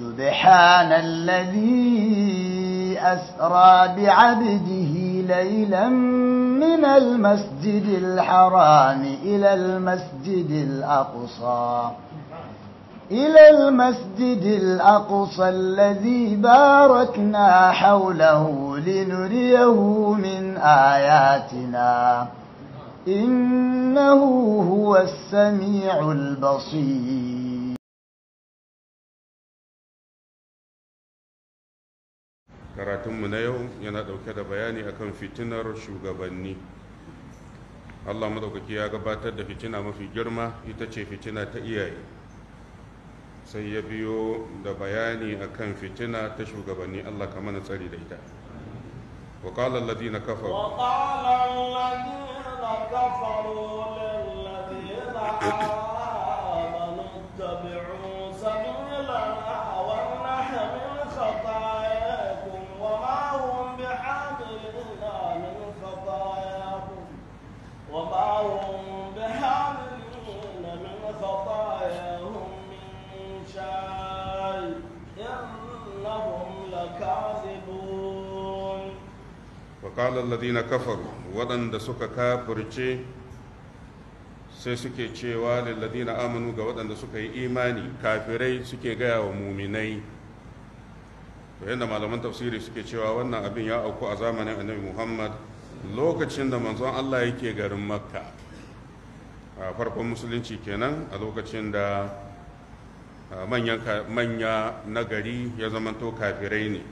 سبحان الذي أسرى بعبده ليلا من المسجد الحرام إلى المسجد الأقصى إلى المسجد الأقصى الذي باركنا حوله لنريه من آياتنا إنه هو السميع البصير karatunmu na yau yana ɗauke da bayani akan fitinar shugabanni allah maɗaukaki ya gabatar da fitina mafi girma ita ce fitina ta iyaye sai ya biyo da bayani akan fitina ta shugabanni allah ka mana tsari da ita وقال الذين كفروا وقال الذين كفروا للذين وقال الذين كفروا waɗanda suka kafirce sai suke cewa lilladina amanu ga waɗanda suka yi imani kafirai suke gaya wa muminai to yadda malaman tafsiri suke cewa wannan abin ya auku a zamanin annabi muhammad lokacin da manzon allah yake garin makka a farkon musulunci kenan a lokacin da manya na gari ya zamanto kafirai ne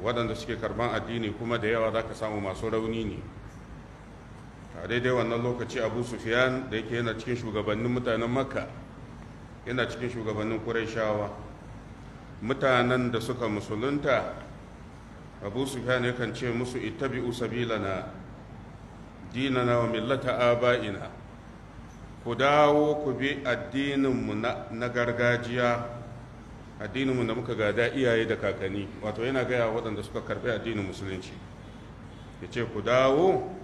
waɗanda suke karban addini kuma da yawa za ka samu masu rauni ne a daidai wannan lokaci abu sufiyan da yake yana cikin shugabannin mutanen makka yana cikin shugabannin shawa? mutanen da suka musulunta abu sufiyan yakan ce musu ittabi'u sabilana dinana wa millata aba'ina ku dawo ku bi addininmu na gargajiya addininmu da muka gada iyaye da kakanni wato yana gaya waɗanda suka karɓi addinin musulunci ya ce ku dawo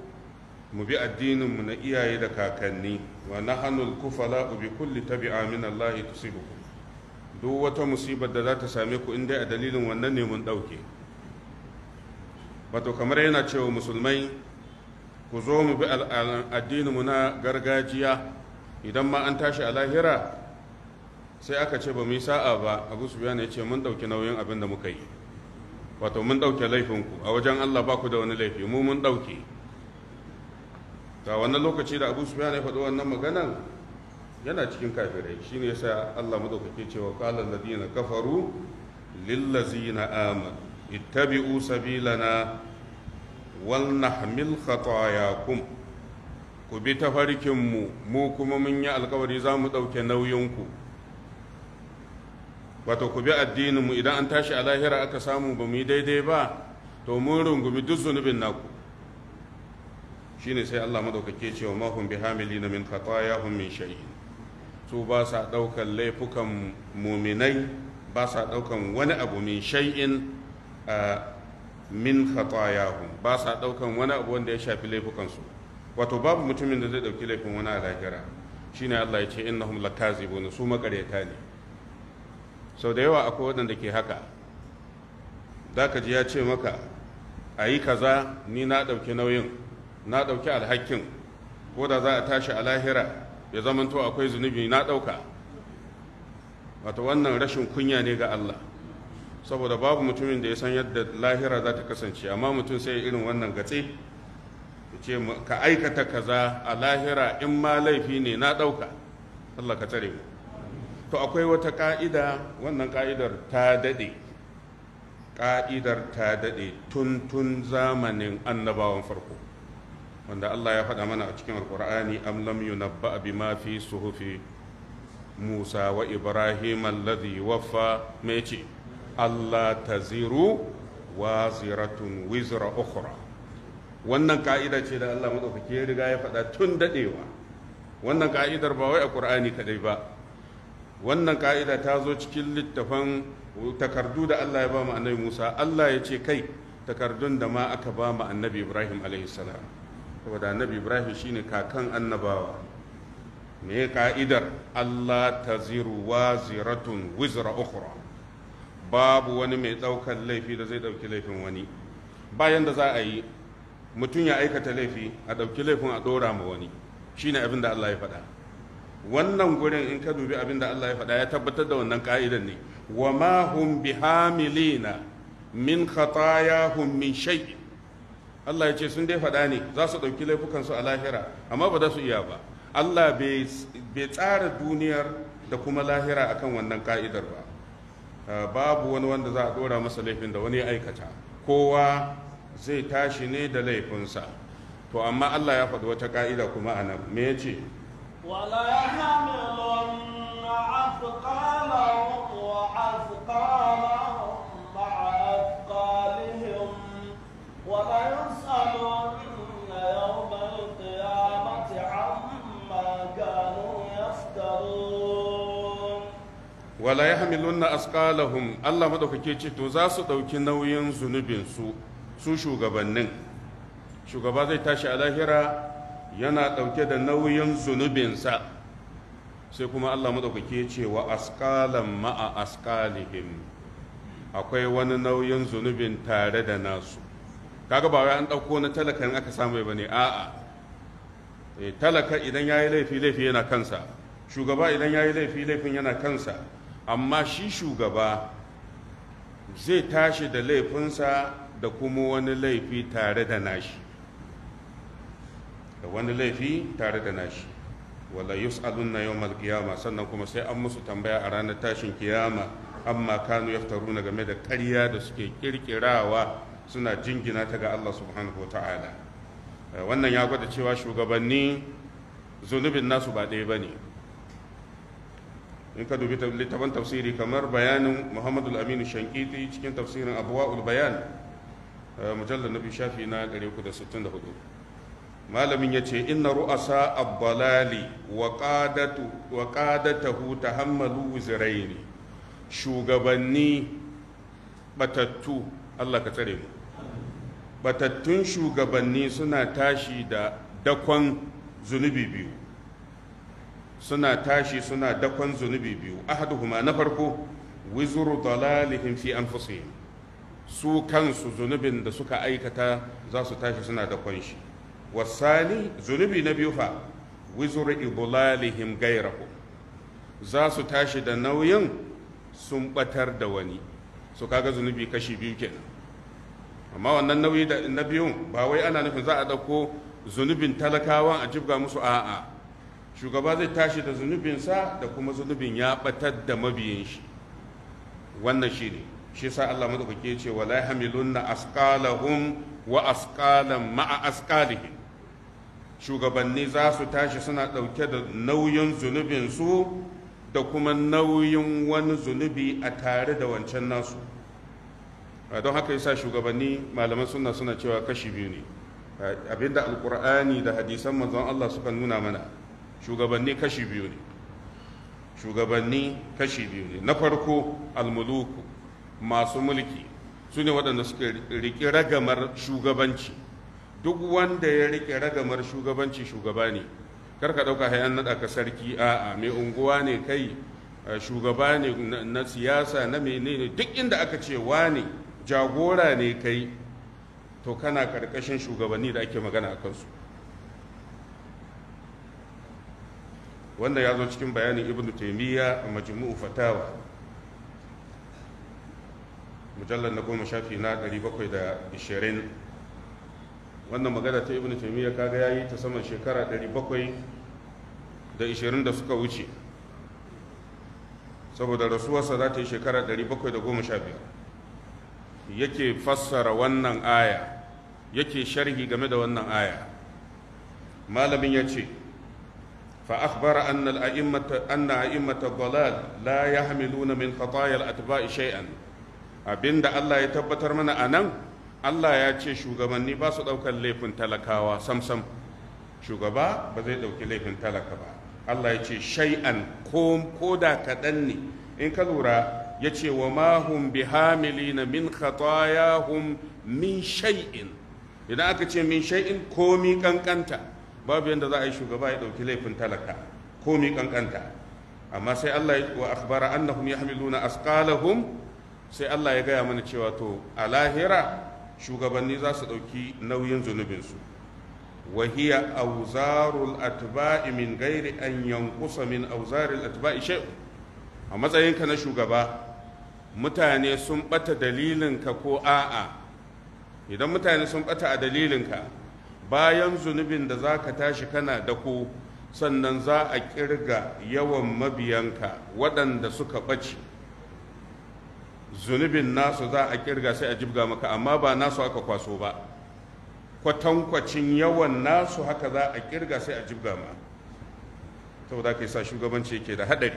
mu bi addininmu na iyaye da kakanni wa na hannun kufala bi kulli tabi'a min Allah duk wata musibar da za ta same ku inda a dalilin wannan ne mun ɗauke wato kamar yana cewa musulmai ku zo mu bi addininmu na gargajiya idan ma an tashi a lahira sai aka ce ba mu yi sa'a ba abu sufyan ya ce mun ɗauki nauyin abin da muka yi wato mun ɗauke laifinku a wajen allah ba ku da wani laifi mu mun ɗauke ta wannan lokaci da abu sufyan ya faɗi wannan maganan yana cikin kafirai shine yasa allah maɗaukaki cewa qala alladhina kafaru lillazina amanu ittabi'u sabilana wal nahmil khatayakum ku bi tafarkin mu kuma mun yi alkawari za mu ɗauke nauyinku wato ku bi addininmu idan an tashi a lahira aka samu ba mu yi daidai ba to mun rungumi duk zunubin naku shine sai Allah madaukake cewa ma hum bihamilina min khatayahum min shay'in su ba sa daukan laifukan muminai ba sa daukan wani abu min shay'in min khatayahum ba sa daukan wani abu wanda ya shafi laifukansu wato babu mutumin da zai dauki laifin wani a lahira shine Allah ya ce innahum lakazibun su makaryata ne sau da yawa akwai waɗanda ke haka za ka ji ya ce maka a yi kaza ni na ɗauki nauyin na ɗauki alhakin ko da za a tashi a lahira ya zamanto akwai zunubi na ɗauka wata wannan rashin kunya ne ga Allah saboda babu mutumin da ya san yadda lahira za ta kasance amma mutum sai irin wannan gatse ce ka aikata kaza a lahira in ma laifi ne na ɗauka Allah ka tare mu to akwai wata ƙa'ida, wannan ƙa'idar ta daɗe ƙa'idar ta daɗe tun tun zamanin annabawan farko wanda Allah ya faɗa mana a cikin alkur'ani am lam yunabba bima fi suhufi Musa wa Ibrahim alladhi waffa me ce Allah taziru waziratun wizra ukhra wannan ka'ida ce da Allah madaukake ya riga ya faɗa tun daɗewa wannan ka'idar ba wai a ƙur'ani kadai ba wannan ka'ida ta zo cikin littafan takardu da Allah ya ba mu annabi Musa Allah ya ce kai takardun da ma aka ba mu annabi Ibrahim alaihi salam saboda annabi Ibrahim shine kakan annabawa me ka'idar Allah taziru waziratun wizra ukhra babu wani mai ɗaukan laifi da zai ɗauki laifin wani bayan da za a yi mutum ya aikata laifi a ɗauki laifin a ɗora ma wani shine abin da Allah ya faɗa wannan gurin in ka dubi abin da Allah ya faɗa ya tabbatar da wannan ka'idan ne wa ma hum bihamilina min khatayahum min shay Allah ya ce sun dai faɗa ne za su ɗauki laifukan su a lahira amma ba za su iya ba Allah bai tsara duniyar da kuma lahira akan wannan ka'idar ba ah, babu wani wanda za a ɗora masa laifin da wani ya aikata kowa zai tashi ne da laifinsa to amma Allah ya faɗi wata ka'ida kuma a nan me ya ce wala ya hamilunna asqalahum Allah madaukake ce to zasu ɗauki nauyin zunubinsu su shugabannin shugaba zai tashi a lahira yana ɗauke da nauyin zunubinsa sai kuma allah maɗaukaki ya ce wa askalan ma'a askalihim akwai wani nauyin zunubin tare da nasu kaga ba wai an ɗauko na in aka samu ba ne a'a eh, talaka idan ya yi laifi laifi yana kansa shugaba idan ya yi laifi laifin yana kansa amma shi shugaba zai tashi da laifinsa da kuma wani laifi tare da nashi da wani laifi tare da nashi wala yus'alunna yawmal qiyama sannan kuma sai an musu tambaya a ranar tashin kiyama amma kanu yaftaruna game da ƙarya da suke kirkirawa suna jingina ta ga Allah subhanahu wata'ala eh, wannan ya gwada cewa shugabanni zunubin nasu ba ɗaya bane in ka dubi littafin tafsiri kamar bayanin Muhammadu Aminu Shankiti cikin tafsirin Abwaul Bayan eh, mujallar nabi shafi na 364 malamin ya ce inna ru'asa abbalali wa qadatahu tahammalu wuzraini shugabanni batattu Allah ka tsare mu batattun shugabanni suna tashi da dakon zunubi biyu suna tashi suna dakon zunubi biyu ahaduhuma na farko wizuru dalalihim fi anfusihim su kansu zunubin da suka aikata za su tashi suna dakon shi wasani zunubi na biyu fa wizur ibulalihim gairahu za su tashi da nauyin sun batar da wani su kaga zunubi kashi biyu kenan amma wannan nauyi da na biyun ba wai ana nufin za a ɗauko zunubin talakawa a jibga musu a'a shugaba zai tashi da zunubinsa da kuma zunubin ya batar da mabiyin shi wannan shi ne shi sa Allah madaukake ce wala hamilunna asqalahum wa asqalan ma'a asqalihim shugabanni za su tashi suna ɗauke da nauyin zunubinsu da kuma nauyin wani zunubi a tare da wancan nasu don haka yasa shugabanni malaman suna suna cewa kashi biyu ne abinda alkur'ani da hadisan manzon Allah suka nuna mana shugabanni kashi biyu ne shugabanni kashi biyu ne na farko almuluku masu mulki su ne waɗanda suka riƙi ragamar shugabanci duk wanda ya rike ragamar shugabanci shugaba ne kar ka ɗauka hayan naɗa ka sarki a'a mai unguwa ne kai shugaba ne na siyasa na menene duk inda aka ce wane jagora ne kai to kana karkashin shugabanni da ake magana a kansu wanda ya zo cikin bayanin ibn taimiyya a majmu'u fatawa mujallar na goma shafi na 720 wannan magana ta ibn taimiyya kaga ya yi ta saman shekara 700 da 20 da suka wuce saboda rasuwarsa za ta yi shekara 712 yake fassara wannan aya yake sharhi game da wannan aya malamin ya ce فأخبر أن الأئمة أن أئمة الضلال لا يحملون من خطايا الأتباع شيئا abinda Allah ya tabbatar mana anan. Allah ya ce shugabanni ba su ɗaukar laifin talakawa samsam shugaba ba zai ɗauki laifin talaka ba Allah ya ce shay'an ko da kaɗan ne in ka lura ya ce wa mahum bi na min khatayahum min shay'in idan aka ce min shay'in mi kankanta babu yadda za a yi shugaba ya ɗauki laifin talaka mi kankanta amma sai Allah ya wa akhbara annahum yahmiluna asqalahum sai Allah ya gaya mana cewa to a lahira shugabanni za su ɗauki nauyin zunubinsu wahiya auzarul atba'i min gairi an yankusa min auzarul atba'i shay a matsayinka na shugaba mutane sun bata dalilinka ko a'a idan mutane sun bata a dalilinka bayan zunubin da za ka tashi kana da ku sannan za a kirga yawan mabiyanka waɗanda suka ɓace zunubin nasu za a kirga sai a jibga maka amma ba nasu aka kwaso ba kwatankwacin yawan nasu haka za a kirga sai a jibga ma saboda ka sa shugabanci yake da haɗari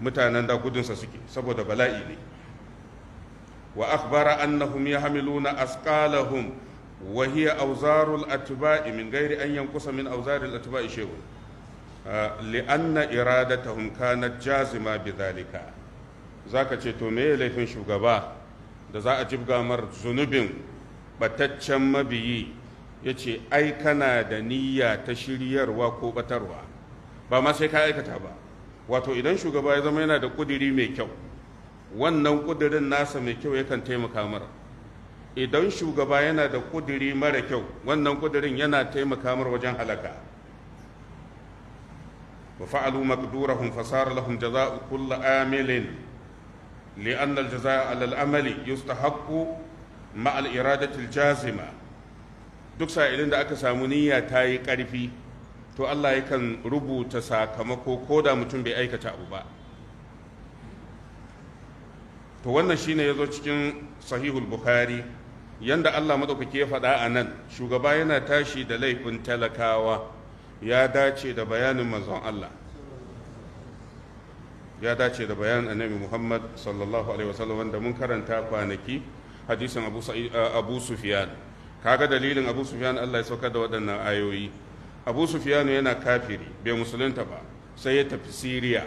mutanen da gudunsa suke saboda bala'i ne wa akhbara annahum yahmiluna asqalahum wa hiya awzarul atba'i min ghairi an yanqusa min awzaril atba'i shay'un ah, li'anna iradatahum kanat jazima bidhalika za ka ce to meye laifin shugaba da za a jibga mar zunubin bataccen mabiyi ya ce ai kana da niyya ta shiryarwa ko batarwa ba ma sai ka aikata ba wato idan shugaba ya zama yana da kudiri mai kyau wannan kudirin nasa mai kyau yakan taimaka mara idan shugaba yana da kudiri mara kyau wannan kudirin yana taimaka mara wajen halaka wa fa'alu maqdurahum fasara lahum jaza'u kulli amilin لأن الجزاء على العمل يستحق مع الإرادة الجازمة duk sa'ilin da aka samu niyya ta yi ƙarfi to Allah yakan rubuta sakamako ko da mutum bai aikata abu ba to wannan shine ya zo cikin sahihul bukhari yanda Allah maɗaukaki ya faɗa a nan shugaba yana tashi da laifin talakawa ya dace da bayanin manzon Allah ya dace da bayan annabi muhammad sallallahu alaihi wasallam wanda mun karanta kwanaki hadisin eh, abu sufyan kaga dalilin abu sufyan allah ya saukar da waɗannan ayoyi abu sufyan yana kafiri bai musulunta ba sai ya tafi siriya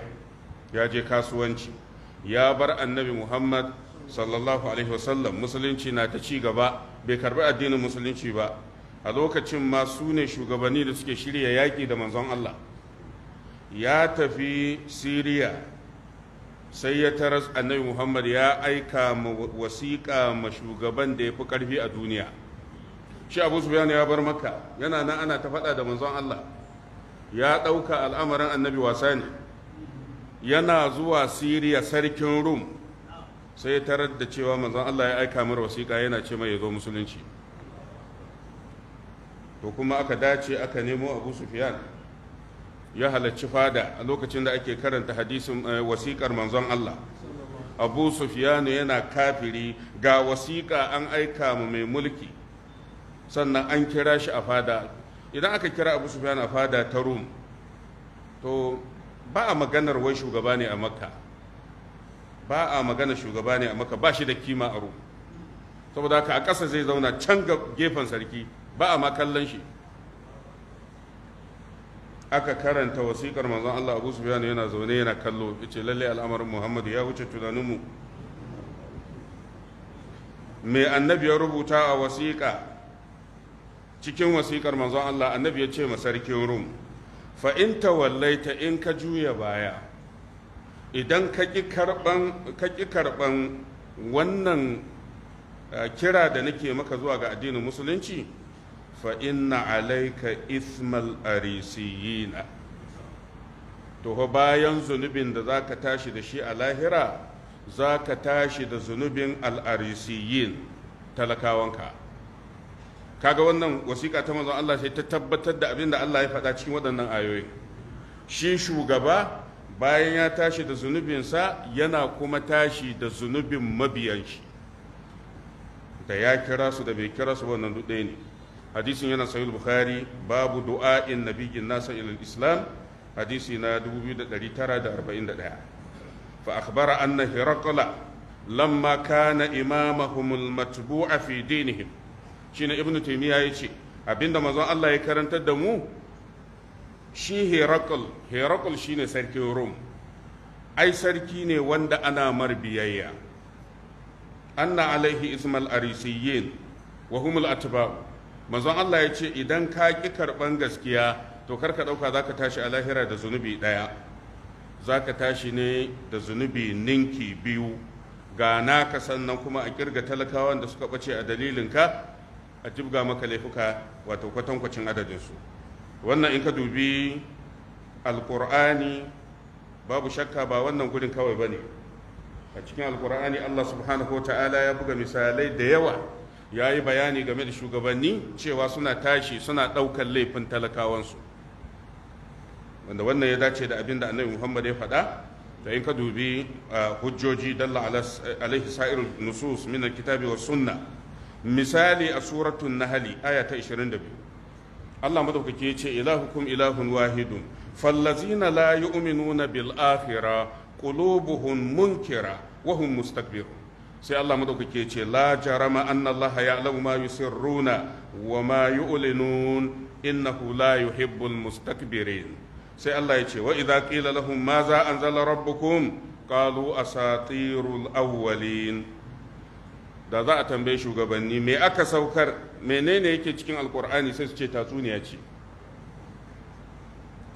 ya je kasuwanci ya bar annabi muhammad sallallahu alaihi wasallam musulunci na ta ci gaba bai karbi addinin musulunci ba a lokacin ma su ne shugabanni da suke shirya yaƙi da manzon allah ya tafi siriya sai ya taras annabi muhammad ya aika wasiƙa ma shugaban da ya fi ƙarfi a duniya shi abu su ya bar maka yana nan ana ta faɗa da manzon allah ya ɗauka al'amarin annabi wasa ne yana zuwa siriya sarkin rum sai ya tarar da cewa manzon allah ya aika mar wasiƙa yana ce mai ya zo musulunci to kuma aka dace aka nemo abu sufiyan ya halarci fada a lokacin da ake karanta hadisin eh, wasiƙar manzon Allah abu Sufiyanu yana kafiri ga wasiƙa an aika mu mai mulki sannan an kira shi a fada idan aka kira abu Sufiyanu a fada ta rum to ba a maganar wai shugaba ne a makka ba a magana shugaba ne a makka ba shi da kima a rum saboda haka a ƙasa zai zauna can gefen sarki ba a ma kallon shi aka karanta wasikar manzon Allah Abu Sufyan yana zaune yana kallo yace lalle al'amarin Muhammadu ya wuce tunaninmu me annabi ya rubuta a wasiƙa cikin wasiƙar manzon Allah annabi ya ce ma sarkin Rum fa in tawallaita in ka juya baya idan ka ƙi karɓan wannan eh, kira da nake maka zuwa ga addinin musulunci fa inna alaika ismal arisiyina to bayan zunubin da zaka tashi da shi a lahira zaka tashi da zunubin al'arisiyin talakawanka kaga wannan wasiƙa ta manzon Allah sai ta tabbatar da abin da Allah ya faɗa cikin waɗannan ayoyi shi shugaba bayan ya tashi da zunubinsa yana kuma tashi da zunubin mabiyan shi da ya kira su da bai kira su wannan duk ɗaya ne hadisin yana sahih bukhari babu du'a'in nabiyyin nasa ila islam hadisi na 2941 fa akhbara anna hiraqla lamma kana imamahum al fi dinihim shine ibnu taymiya yace abinda manzon Allah ya karantar da mu shi Herakl Herakl shine sarkin Rom ai sarki ne wanda ana marbiyayya anna alaihi ismal arisiyin wa humul atba'u manzon Allah ya ce idan ka ƙi karɓan gaskiya to kar ka ɗauka za ka tashi a lahira da zunubi ɗaya za ka tashi ne da zunubi ninki biyu ga naka sannan kuma a ƙirga talakawan da suka ɓace a dalilinka a jibga maka laifuka wato kwatankwacin adadinsu wannan in ka dubi alƙur'ani babu shakka ba wannan gudun kawai ba ne a cikin alƙur'ani allah subhanahu wa ta'ala ya buga misalai da yawa ya yi bayani game da shugabanni cewa suna tashi suna ɗaukar laifin talakawansu wanda wannan ya dace da abin da annabi muhammad ya faɗa da in ka dubi hujjoji dalla alaihi sa'ir nusus min kitabi wa sunna misali a suratun nahali aya ta 22 Allah madaukake ya ce ilahukum ilahun wahidun fallazina la yu'minuna bil akhirah qulubuhum munkira wa hum mustakbirun sai Allah madaukake ce la jarama anna Allah ya'lamu ma yusirruna wa ma yu'linun innahu la yuhibbul mustakbirin sai Allah ya ce wa idza qila lahum ma za anzala rabbukum qalu asatirul awwalin da za a tambaye shugabanni me aka saukar menene yake cikin alkur'ani sai su ce tatsuniya ce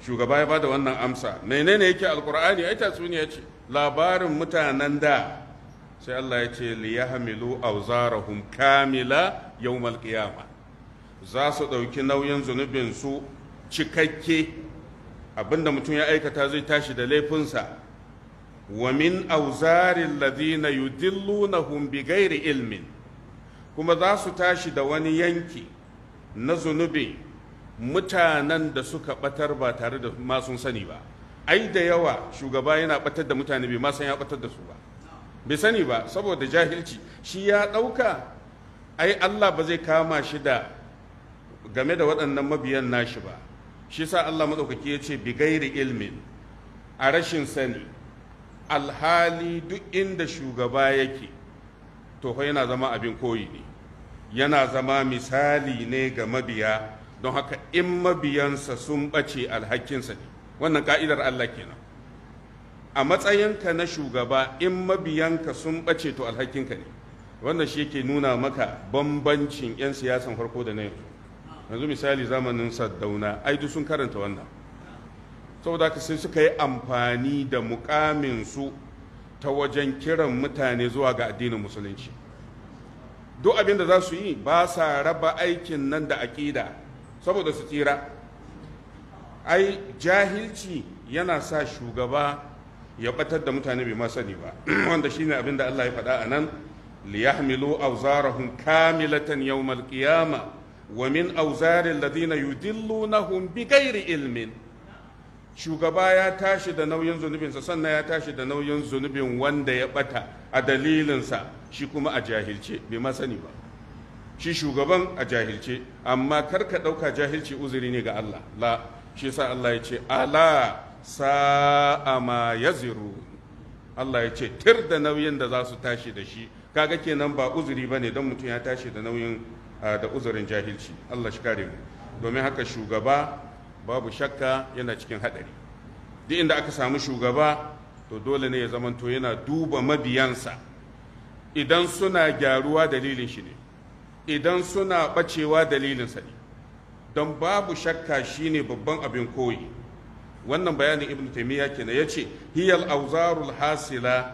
shugaba ya bada wannan amsa menene yake alkur'ani ai tatsuniya ce labarin mutanen da sai Allah ya ce liyahmilu awzarahum kamila yawmal qiyama za su ɗauki nauyin zunubin su cikakke abinda mutum ya aikata zai tashi da laifinsa wa min awzaril ladina yudillunahum gairi ilmin kuma za su tashi da wani yanki na zunubi mutanen da suka batar ba tare da ma sani ba ai da yawa shugaba yana batar da mutane bai ma san ya batar da su ba bai sani ba saboda jahilci shi ya ɗauka ai Allah ba zai kama shi da game da waɗannan mabiyan nashi ba shi sa Allah maɗaukaki ya ce bigairi ilmin a rashin sani alhali duk inda shugaba yake to yana zama abin koyi ne yana zama misali ne ga mabiya don haka in mabiyansa sun ɓace alhakinsa ne wannan ka'idar Allah kenan a matsayinka na shugaba in mabiyanka sun ɓace to alhakinka ne wannan shi yake nuna maka bambancin 'yan siyasan farko da na yanzu yanzu misali zamanin saddauna ai duk sun karanta wannan saboda haka sai suka yi amfani da mukaminsu ta wajen kiran mutane zuwa ga addinin musulunci duk abin da za su yi ba sa raba aikin nan da aƙida saboda su tsira ai jahilci yana sa shugaba ya batar da mutane bai ma sani ba wanda shine abin da Allah ya faɗa a nan liyahmilu awzarahum kamilatan yawmal qiyama wa min awzaril ladina yudillunahum bighairi ilmin shugaba ya tashi da nauyin zunubinsa sannan ya tashi da nauyin zunubin wanda ya bata a dalilinsa shi kuma a jahilce bai ma sani ba shi shugaban a jahilce amma karka ɗauka jahilci uzuri ne ga Allah la shi sa Allah ya ce ala sa'a ma ziru Allah ya ce tir da nauyin da za su tashi da shi kaga kenan ba uzuri ba ne don mutum ya tashi da nauyin da uzurin jahilci Allah shi kare mu domin haka shugaba babu shakka yana cikin haɗari duk inda aka samu shugaba to dole ne ya zamanto yana duba mabiyansa idan suna gyaruwa dalilin shi ne idan suna bacewa dalilinsa ne don babu shakka shine babban abin koyi wannan bayanin ibn taymiya kenan yace hiyal auzarul hasila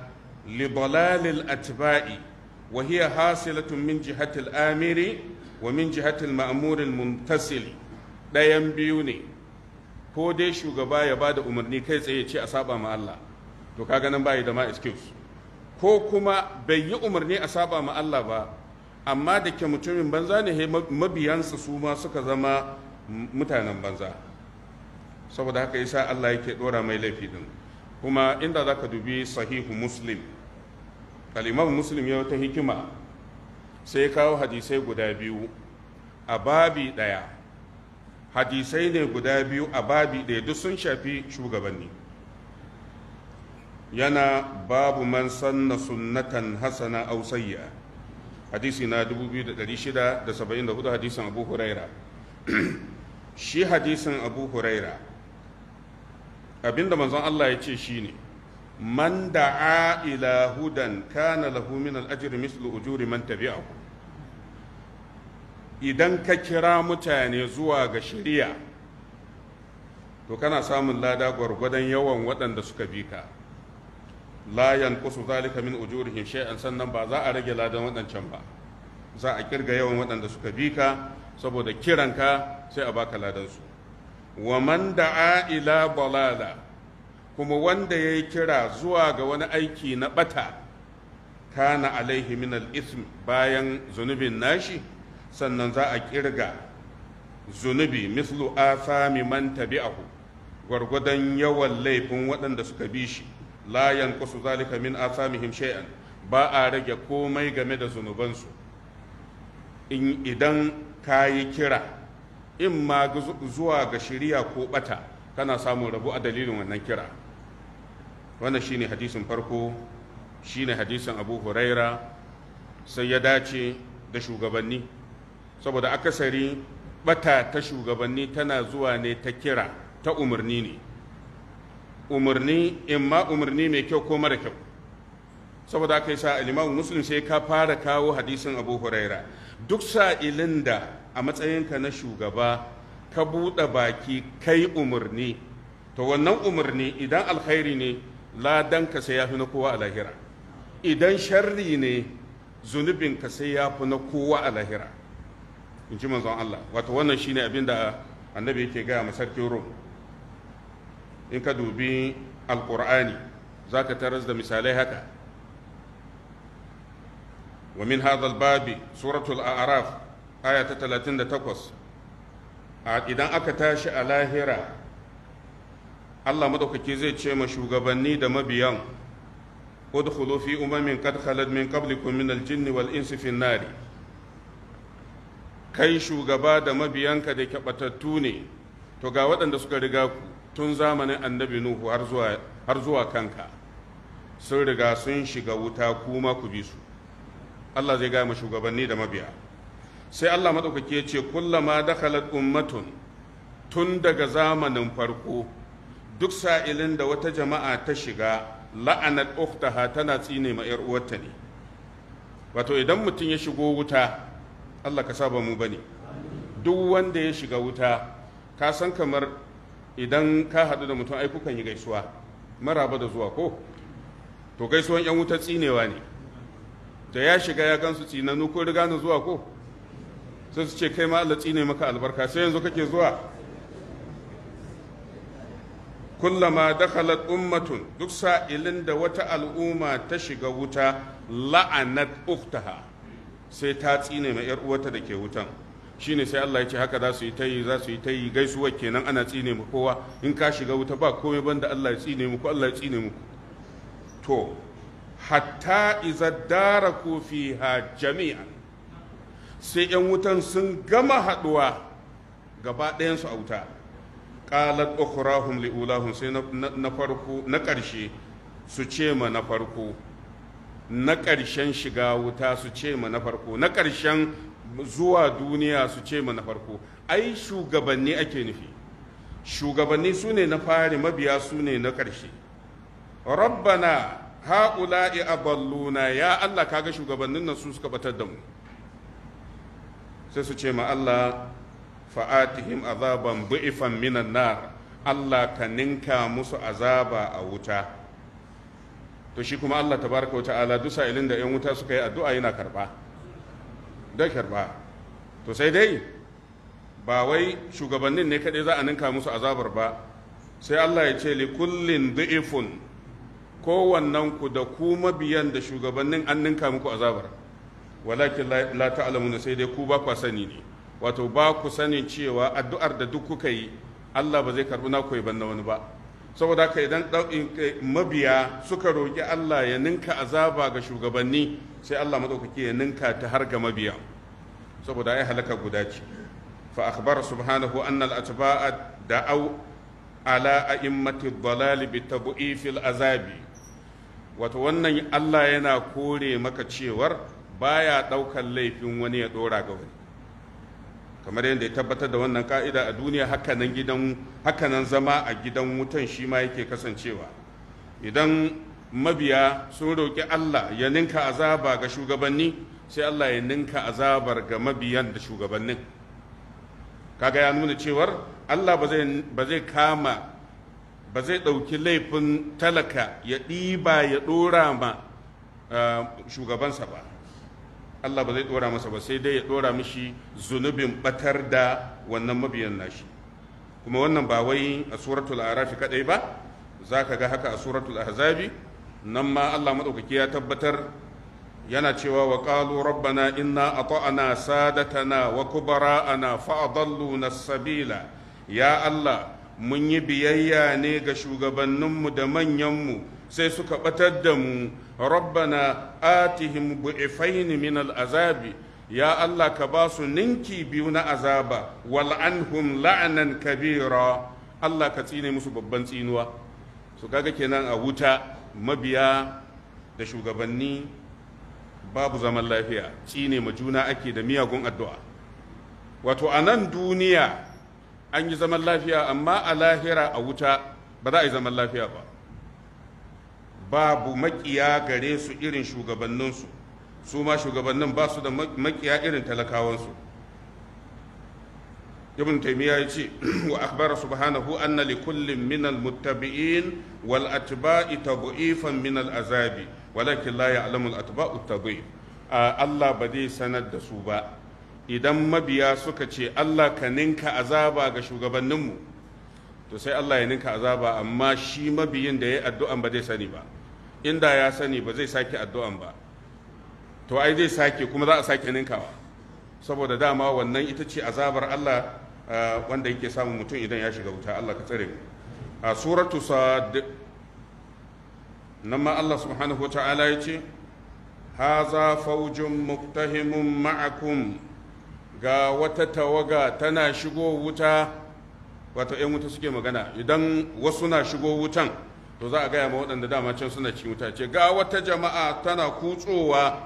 li dalalil atba'i wa hiya hasilatun min jihatil amiri wa min jihatil ma'muril muntasili ɗayan biyu ne ko dai shugaba ya bada umarni kai tsaye ce a saba ma Allah to kaga nan bai da ma excuse ko kuma bai yi umarni a saba ma Allah ba amma da ke mutumin banza ne mabiyansa su ma suka zama mutanen banza saboda haka yasa Allah yake dora mai laifi din kuma inda zaka dubi sahihu muslim kalimar muslim ya wata hikima sai kawo hadisai guda biyu a babi daya hadisai ne guda biyu a babi daya duk sun shafi shugabanni yana babu man sanna sunnatan hasana aw sayya hadisi na 2674 hadisin abu huraira shi hadisin abu huraira abinda manzon Allah ya ce shine man da'a ila hudan kana lahu min al-ajri mislu ujuri man tabi'ahu idan ka kira mutane zuwa ga shari'a to kana samun lada gwargwadon yawan waɗanda suka bi ka la yanqusu zalika min ujurihim shay'an sannan ba za a rage ladan waɗancan ba za a kirga yawan waɗanda suka bi ka saboda kiranka sai a baka ladan su wa man da'a ila balala kuma wanda ya kira zuwa ga wani aiki na bata kana alaihi min al bayan zunubin nashi sannan za a kirga zunubi mislu sami man tabi'ahu gwargwadon yawan laifin waɗanda suka bi shi la yanqusu zalika min sami shay'an ba a rage komai game da zunubansu in ka yi kira in ma zuwa ga shiriya ko bata kana samun rabu a dalilin wannan kira wannan shine hadisin farko shine hadisin abu huraira sai ya dace da shugabanni saboda akasari bata ta shugabanni tana zuwa ne ta kira ta umarni ne umarni in ma umarni mai kyau ko mara kyau saboda aka yi sa alimamu muslim sai ka fara kawo hadisin abu huraira duk sa'ilin da a matsayinka na shugaba ka buɗe baki kai umarni to wannan umarni idan alkhairi ne ladanka sai ya fi na kowa a lahira idan sharri ne zunubinka sai ya fi na kowa a lahira in ji manzon Allah wato wannan shine abin da annabi yake gaya masarkin rom in ka dubi alkur'ani za ka taras da misalai haka ومن هذا الباب سورة الأعراف aya ta 38 idan aka tashi a lahira Allah madaukaki zai ce ma shugabanni da mabiyan udkhulu fi umamin qad khalat min qablikum min al-jinn wal insi fi an kai shugaba da mabiyanka da kyabatattu ne to ga waɗanda suka riga ku tun zamanin annabi nuhu har zuwa har zuwa kanka sun riga sun shiga wuta kuma ku bi su Allah zai gaya ma shugabanni da mabiya sai Allah maɗaukaki ya ce da halar ummatun tun daga zamanin farko duk sa'ilin da wata jama'a ta shiga la'ana ukhtaha tana tsine ma uwarta ne wato idan mutum ya shigo wuta Allah ka saba mu bane duk wanda ya shiga wuta ka san kamar idan ka haɗu da mutum ai kukan yi gaisuwa maraba da zuwa ko to gaisuwan yan wuta tsinewa ne da ya shiga ya gansu tsinanu ko riga na zuwa ko sai su ce kai ma Allah tsine maka albarka sai yanzu kake zuwa kullama dakhalat ummatun duk sa'ilin da wata al'umma ta shiga wuta la'anat uktaha sai ta tsine ma yar uwarta da ke wutan shine sai Allah ya ce haka za su yi tayi za su yi tayi gaisuwa kenan ana tsine mu kowa in ka shiga wuta ba komai banda Allah ya tsine muku Allah ya tsine muku to hatta idza daraku fiha jami'an sai 'yan wutan sun gama haɗuwa gaba ɗayansu a wuta ƙalar ukhrahum li'ulahun sai na farko na ƙarshe su ce ma na farko na ƙarshen shiga wuta su ce ma na farko na ƙarshen zuwa duniya su ce ma na farko ai shugabanni ake nufi shugabanni su ne na fari mabiya su ne na ƙarshe rabbana ha'ula'i aballuna ya allah kaga shugabannin nan su suka batar da mu sai su ce ma Allah fa'atihim azaban bu'ifan minan na Allah ka ninka musu azaba a wuta to shi kuma Allah tabaraka wa ta'ala duk sa'ilin da yan wuta suka yi addu'a yana karba dai karba to sai dai ba wai shugabannin ne kadai za a ninka musu azabar ba sai Allah ya ce li kullin du'ifun kowannen ku da kuma mabiyan da shugabannin an ninka muku azabar walakin la ta'lamuna sai dai ku ba ku sani ne wato ba ku sanin cewa addu'ar da duk kuka yi Allah ba zai karbi naku ya na wani ba saboda haka idan eh, mabiya suka roƙi Allah ya ninka azaba ga shugabanni sai Allah madaukaki ya ninka ta har ga mabiya saboda ai halaka guda ce fa akhbara subhanahu anna al atba'a da'aw ala a'immati dhalal bi tad'if azabi wato wannan Allah yana kore maka cewar baya ɗaukar laifin wani ya ɗora ga wani kamar yadda ya tabbatar da wannan ka'ida a duniya hakanan zama a gidan wutan shi ma yake kasancewa idan mabiya sun roƙi Allah ya ninka azaba ga shugabanni sai Allah ya ninka azabar ga mabiyan da shugabannin kaga ya nuna cewar Allah ba zai kama ba zai ɗauki laifin talaka ya ɗiba ya ɗora ma eh, shugabansa ba Allah ba zai dora masa ba sai dai ya dora mishi zunubin batar da wannan mabiyan nashi kuma wannan ba wai a suratul arafi kadai ba za ka ga haka a suratul ahzabi nan ma Allah madaukaki ya tabbatar yana cewa wa qalu rabbana inna ata'na sadatana wa kubara'ana fa adalluna sabila ya Allah mun yi biyayya ne ga shugabanninmu da manyanmu sai suka batar da mu rabbana atihim bu'ifaini min al'azabi ya Allah ka ba su ninki biyu na azaba wal anhum la'anan kabira Allah ka tsine musu babban tsinuwa su kaga kenan a wuta mabiya da shugabanni babu zaman lafiya tsine ma juna ake da miyagun addu'a wato a nan duniya an yi zaman lafiya amma a lahira a wuta ba za a yi zaman lafiya ba babu makiya gare su irin shugabanninsu su ma shugabannin ba su da makiya irin talakawansu ibn taymiya ya ce wa akbara subhanahu anna li kullin min al wal atba'i tabu'ifan min al azabi walakin la ya'lamu al atba'u tabu'if Allah ba zai sanar da su ba idan mabiya suka ce Allah ka ninka azaba ga shugabanninmu to sai Allah ya ninka azaba amma shi mabiyin da ya yi addu'an ba zai sani ba inda ya sani ba zai sake addu'an ba to ai zai sake kuma za a sake ninkawa saboda dama wannan ita ce azabar Allah ah, wanda yake samun mutum idan ya shiga wuta Allah ka tsare mu a suratu sad nan ma Allah subhanahu wa ya ce haza faujun muktahimun ma'akum ga wata tawaga tana shigo wuta wato 'yan wuta suke magana idan wasu na shigo wutan to za a gaya ma waɗanda dama can suna ci wuta ce ga wata jama'a tana kutsowa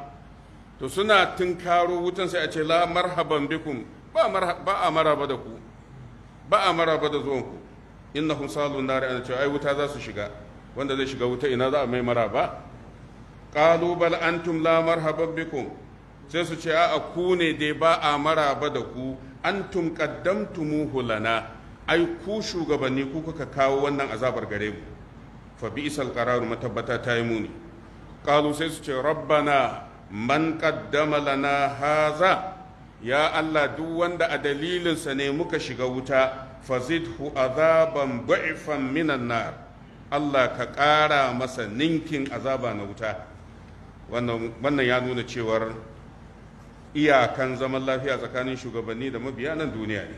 to suna tunkaro wutan sai a ce la marhaban bikum ba a maraba da ku ba a maraba da zuwan ku innahum na nari ana cewa ai wuta za su shiga wanda zai shiga wuta ina za a mai maraba qalu bal antum la marhaban bikum sai su ce a ku ne dai ba a maraba da ku antum qaddamtumuhu lana ai ku shugabanni ku kuka kawo wannan azabar gare mu fa bi'sal qararu matabbata ta yi muni qalu sai su ce rabbana man qaddama lana haza ya Allah duk wanda a dalilinsa ne muka shiga wuta fazidhu azaban da'ifan minan nar Allah ka ƙara masa ninkin azaba na wuta wannan ya nuna cewar iyakan zaman lafiya tsakanin shugabanni da mabiya nan duniya ne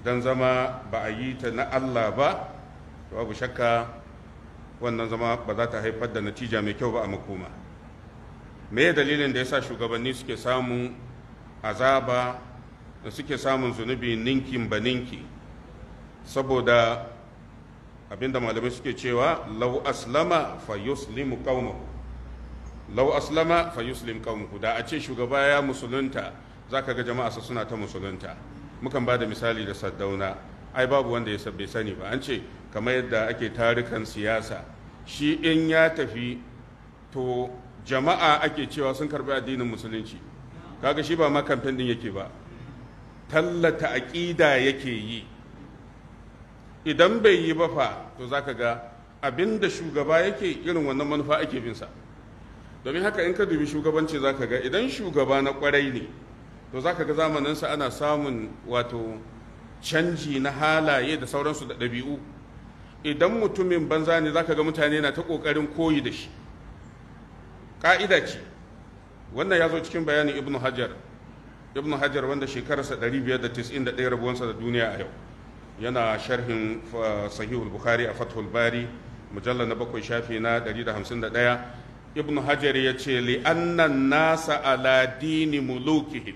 idan zama ba a yi ta na Allah ba babu shakka wannan zama ba za ta haifar da natija mai kyau ba a makoma me ya dalilin da ya sa shugabanni suke samun azaba da suke samun zunubi ninkin ba ninki saboda abinda malamai suke cewa lau aslama fa yuslimu qaumahu lau aslama fa yuslim qaumuhu da a ce shugaba ya musulunta zaka ga jama'a sa suna ta musulunta mukan ba da misali da saddauna ai babu wanda ya bai sani ba an ce kamar yadda ake tarukan siyasa shi in ya tafi to jama'a ake cewa sun karbi addinin musulunci kaga shi ba ma kamfen din yake ba tallata aƙida yake yi idan bai yi ba fa to za ka ga abinda shugaba yake irin wannan manufa ake bin sa domin haka in ka dubi shugabanci za ka ga idan shugaba na kwarai ne to za ka ga zamaninsa ana samun wato canji na halaye da sauransu da ɗabi'u idan mutumin banza ne zaka ga mutane na ta kokarin koyi da shi ƙa'ida ce wannan ya zo cikin bayanin ibn hajar ibn hajar wanda shekararsa 591 rabuwansa da duniya a yau yana sharhin sahihul bukhari a fathul bari mujalla na bakwai shafi na 151 ibn hajar ya ce li'annan nasa aladini dini mulukihim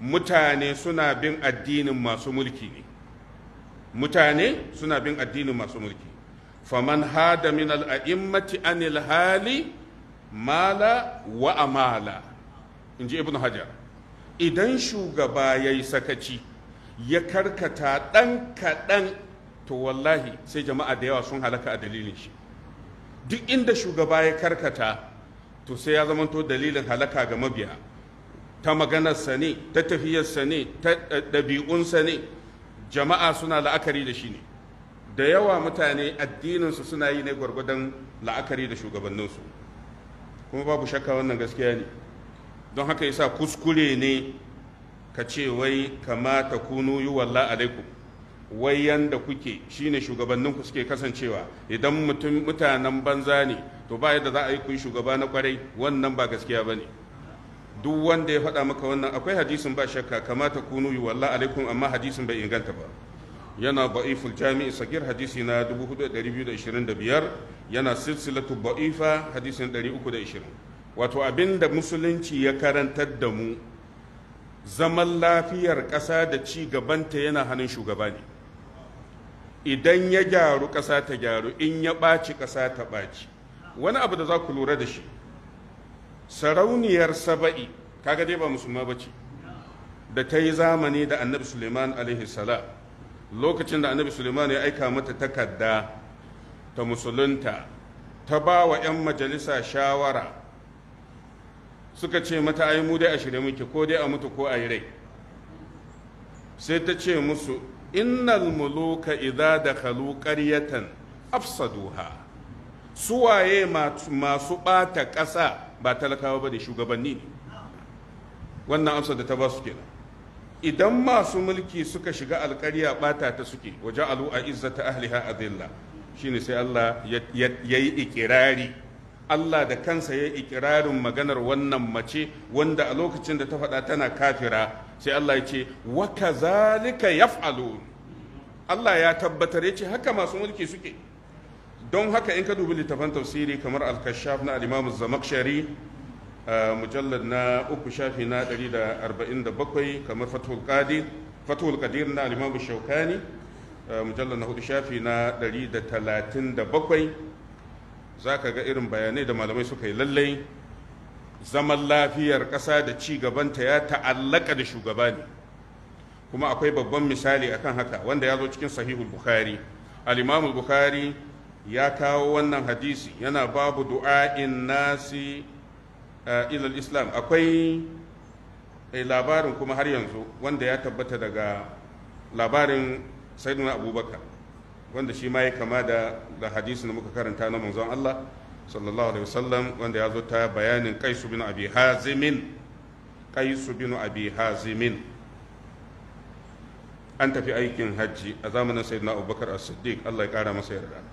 mutane suna bin addinin masu mulki ne mutane suna bin addinin masu mulki faman hada min al'a'immati anil hali mala wa amala in ji ibn hajar idan shugaba ya yi sakaci ya karkata ɗan kaɗan to wallahi sai jama'a da yawa sun halaka a dalilin shi duk inda shugaba ya karkata to sai ya zama to dalilin halaka ga mabiya ta maganarsa ne ta tafiyarsa ne ta eh, ɗabi'unsa ne jama'a suna la'akari da shi ne da yawa mutane addininsu suna yi ne gwargwadon la'akari da shugabanninsu kuma babu shakka wannan gaskiya ne don haka yasa kuskure ne ka ce wai kamata kunu yi walla alaikum wai yanda kuke shine shugabanninku suke kasancewa idan mutanen banza ne to ba yadda za a yi kun shugaba na kwarai wannan ba gaskiya ba ne duk wanda ya faɗa maka wannan akwai hadisin ba shakka kamata ku nuyi wallah alaikum amma hadisin bai inganta ba yana ba'iful jami'i sagir hadisi na 4225 yana silsilatu ba'ifa hadisin 320 wato abinda musulunci ya karantar da mu zaman lafiyar ƙasa da ci gabanta yana hannun shugaba ne idan ya gyaru ƙasa ta gyaru in ya ɓaci ƙasa ta ɓaci wani abu da za ku lura da shi sarauniyar saba'i kaga dai ba musulma ba ce da ta yi zamani da annabi suleiman alaihi lokacin da annabi suleiman ya aika mata takarda ta musulunta ta ba wa 'yan majalisa shawara suka ce mata ai mu dai a shirye muke ko dai a mutu ko a yi rai sai ta ce musu innal muluka idza dakhalu qaryatan afsaduha suwaye masu bata kasa. ba talakawa ba da shugabanni ne wannan amsa da ta ba su kenan idan masu mulki suka shiga alkarya bata ta suke waje alu a izzata ahliha adilla shine sai Allah ya yi ikirari Allah da kansa ya yi ikirarin maganar wannan mace wanda a lokacin da ta faɗa tana kafira sai Allah ya ce wa kazalika yaf'alun Allah ya tabbatar ya ce haka masu mulki suke don haka in ka dubi littafan tafsiri kamar al-kashaf na al-imam zamakshari eh, mujallar na uku shafi na 147 kamar fathul qadir qadir na al-imam shaukani eh, mujallar na hudu shafi na 137 ka ga irin bayanai da malamai suka yi lallai zaman lafiyar ƙasa da ci gabanta ya ta'allaka da shugaba ne kuma akwai babban misali akan haka wanda ya zo cikin sahihul bukhari al-imam bukhari ya kawo wannan hadisi yana babu du'a'in nasi eh, ilal islam akwai eh, labarin kuma har yanzu wanda ya tabbata daga labarin sayyidina abubakar wanda shi ma ya kama da hadisi da muka karanta na manzon Allah sallallahu alaihi wasallam wanda ya zo ta bayanin qaisu bin abi hazimin qaisu bin abi hazimin an tafi aikin hajji a zamanin sayyidina abubakar as-siddiq Allah ya kara masa yarda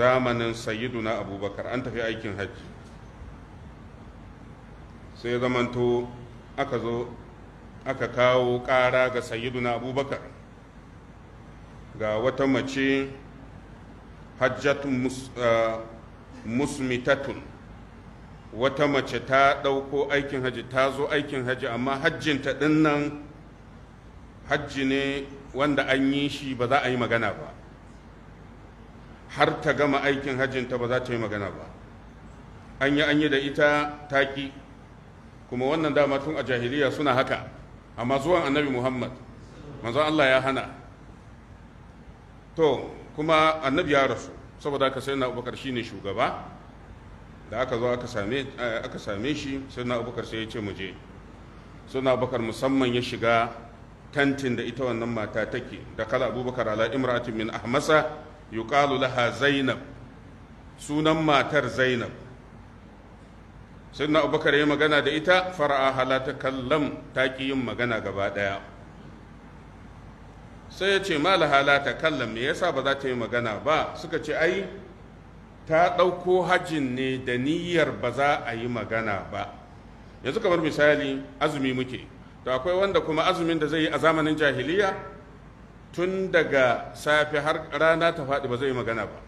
zamanin sayyiduna abubakar an tafi aikin hajji sai zamanto aka zo aka kawo ƙara ga sayyiduna abubakar ga wata mace hajjatun eh, musmitatun wata mace ta ɗauko aikin hajji ta zo aikin hajji amma hajjinta ɗin nan hajji ne wanda an yi shi ba za a yi magana ba har ta gama aikin hajjinta ba za ta yi magana ba an yi an yi da ita taki. kuma wannan dama tun a jahiliya suna haka amma zuwan annabi muhammad manzon allah ya hana to kuma annabi ya rasu saboda aka sai na abubakar shi ne shugaba da aka zo aka same eh, shi sai na abubakar sai ya ce muje je sai abubakar musamman ya shiga tantin da ita wannan mata take da kala abubakar ala imratin min ahmasa yuqalu laha zainab sunan matar zainab sayyidina abubakar ya magana da ita fara'a halata kallam ta ki yin magana gaba daya sai ya ce mal halata kallam me yasa ba za ta yi magana ba suka ce ai ta ɗauko hajin ne da niyyar ba za a yi magana ba yanzu kamar misali azumi muke to akwai wanda kuma azumin da zai yi a zamanin jahiliya tun daga safe har rana ta faɗi ba zai magana ba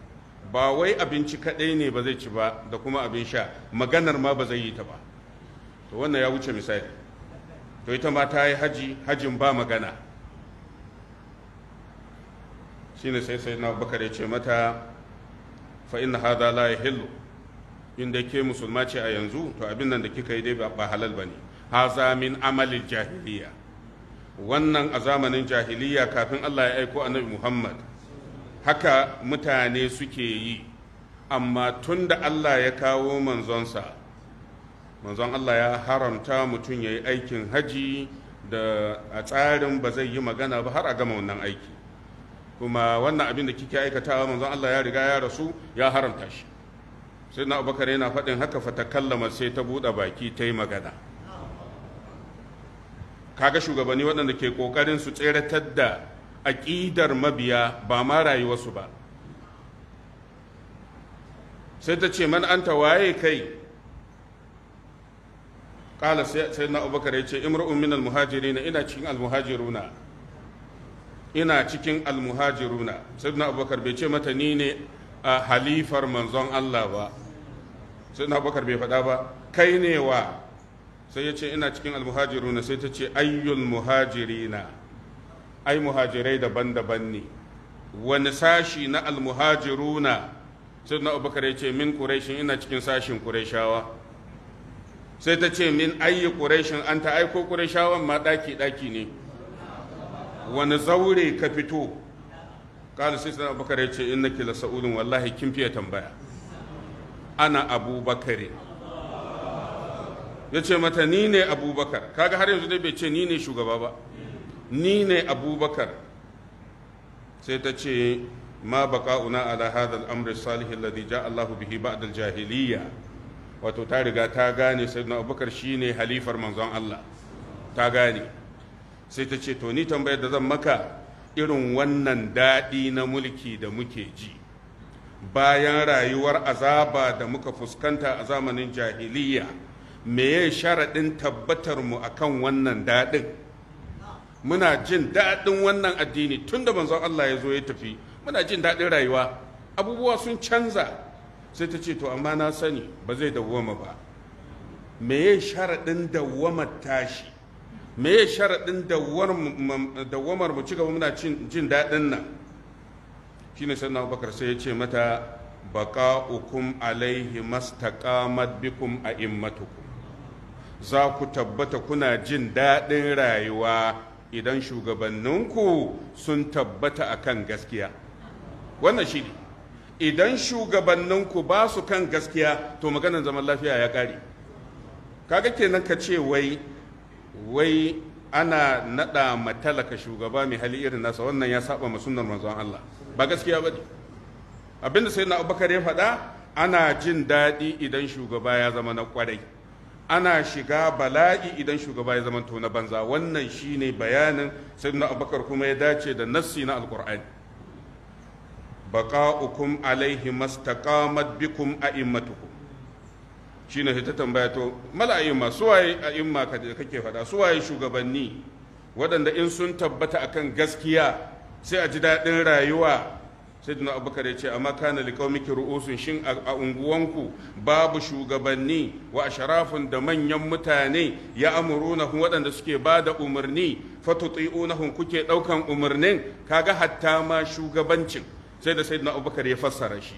ba wai abinci kaɗai ne ba zai ci ba da kuma abin sha maganar ma ba zai yi ta ba to wannan ya wuce misali to ita ma ta yi haji hajin ba magana shine sai sai na bakar ya ce mata fa inna hadha la yahillu inda ke musulma ce a yanzu to abin nan da kika yi dai ba halal bane haza min amalil jahiliya wannan a zamanin jahiliya kafin Allah ya aiko annabi Muhammad haka mutane suke yi amma tun da Allah ya kawo manzonsa manzon Allah ya haramta mutum ya yi aikin haji da a tsarin ba zai yi magana ba har a gama wannan aiki kuma wannan abin da kike aikatawa manzon Allah ya riga ya rasu ya haramta shi sai na abubakar yana faɗin haka kallama sai ta buɗe baki ta yi magana kaga shugabanni waɗanda ke ƙoƙarin su tseratar da aƙidar mabiya ba ma rayuwarsu ba sai ta ce man anta waye kai ƙala sai na abubakar ya ce imra'un min almuhajirina ina cikin almuhajiruna ina cikin almuhajiruna sai na abubakar bai ce mata ni ne a halifar manzon Allah ba sai na abubakar bai faɗa ba kai ne wa sai ya ce ina cikin almuhajiru na sai ta ce ayyul muhajirina ai muhajirai daban-daban ne wani sashi na almuhajiru na? sai na abubakar ya ce min kureshin ina cikin sashin kureshawa sai ta ce min ayyi kureshin an ta aiko ƙureshawan ma ɗaki-ɗaki ne wani zaure ka fito ƙala sai na abubakar ya ce inna kila sa'ulun wallahi kin fiye tambaya ana abubakarin ya ce mata ni ne abubakar kaga har yanzu dai bai ce ni ne shugaba ba ni ne abubakar sai ta ce ma baka'una ala hadha al-amr ladi ja allahu bihi ba'da da jahiliya wato ta riga ta gane sai na abubakar shine halifar manzon Allah ta gane sai ta ce to ni tambayar da zan maka irin wannan daɗi na mulki da muke ji bayan rayuwar azaba da muka fuskanta a zamanin jahiliya. Me ya sharaɗin tabbatar mu akan wannan daɗin muna jin daɗin wannan addini tun da manzon Allah ya zo ya tafi muna jin daɗin rayuwa abubuwa sun canza sai ta ce to amma na sani ba zai dawwama ba Me ya sharaɗin dawwamar tashi Me ya sharaɗin dawwamar mu ci gaba muna jin daɗin nan shine sannan abubakar sai ya ce mata baqa'ukum alaihi mastaqamat bikum immatuku za ku tabbata kuna jin daɗin rayuwa idan shugabanninku sun tabbata a kan gaskiya wannan shi idan shugabanninku ba su kan gaskiya to maganar zaman lafiya ya ƙare kaga kenan ka ce wai wai ana naɗa matalaka shugaba mai hali irin nasa wannan ya saba ma sunnar manzon Allah ba gaskiya ba abinda sai na abubakar ya faɗa ana jin daɗi idan shugaba ya zama na kwarai. ana shiga bala'i idan shugaba ya to na banza wannan shine bayanin sayyidina abubakar kuma ya dace da nassi na alqur'ani baqa'ukum alaihi mastaqamat bikum a'immatukum shine sai ta tambaya to mala'imma suwaye a'imma kake faɗa suwaye shugabanni waɗanda in sun tabbata akan gaskiya sai a ji daɗin rayuwa sayyidina abubakar ya ce amma kana liqaumiki ru'usun shin a unguwanku babu shugabanni wa asharafun da manyan mutane ya amurunahum waɗanda suke ba da umarni fatuti'unahum kuke ɗaukan umarnin kaga hatta ma shugabancin sai da sayyidina abubakar ya fassara shi